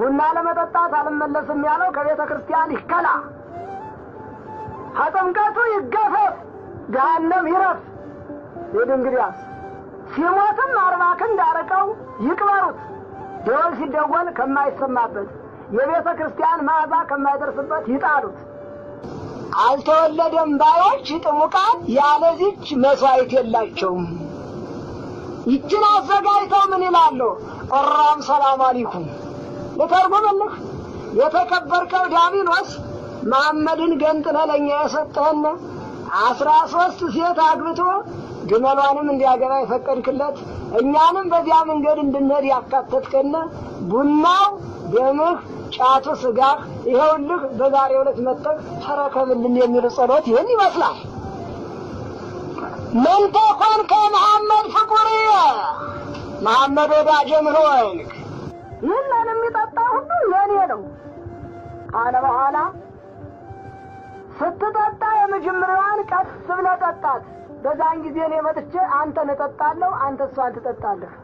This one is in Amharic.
ቡና ለመጠጣት አልመለስም ያለው ከቤተ ክርስቲያን ይከላ፣ አጥምቀቱ ይገፈፍ፣ ገሃነም ይረፍ። ይድ እንግዲያስ ሲሞትም አርባ ክንድ አርቀው ይቅበሩት። ደወል ሲደወል ከማይሰማበት የቤተ ክርስቲያን ማዕዛ ከማይደርስበት ይጣሉት። አልተወለደም ባዮች ጥሙቃን ያለዚች መስዋዕት የላቸውም። ይችን አዘጋጅተው ምን ይላሉ? ቆራም ሰላም አለይኩም ልተርጉምልህ። የተከበርከው ዳቢኖስ መሐመድን ገንጥለ ለእኛ የሰጠህና አስራ ሶስት ሴት አግብቶ ግመሏንም እንዲያገባ የፈቀድክለት እኛንም በዚያ መንገድ እንድንሄድ ያካተትከና ቡናው ደምህ ጫቱ ስጋህ ይኸውልህ በዛሬው ዕለት መጠቅ ተረከብልን የሚል ጸሎት ይህን ይመስላል። መንተ ኮንከ መሐመድ ፍቁርየ መሐመድ ወዳጀ ምን ሆንክ? ይህንን የሚጠጣ ሁሉ ነው ካለ በኋላ ስትጠጣ የመጀመሪያዋን ቀስ ብለህ ጠጣት። በዛን ጊዜ እኔ መጥቼ አንተን እጠጣለሁ፣ አንተ እሷን ትጠጣለህ።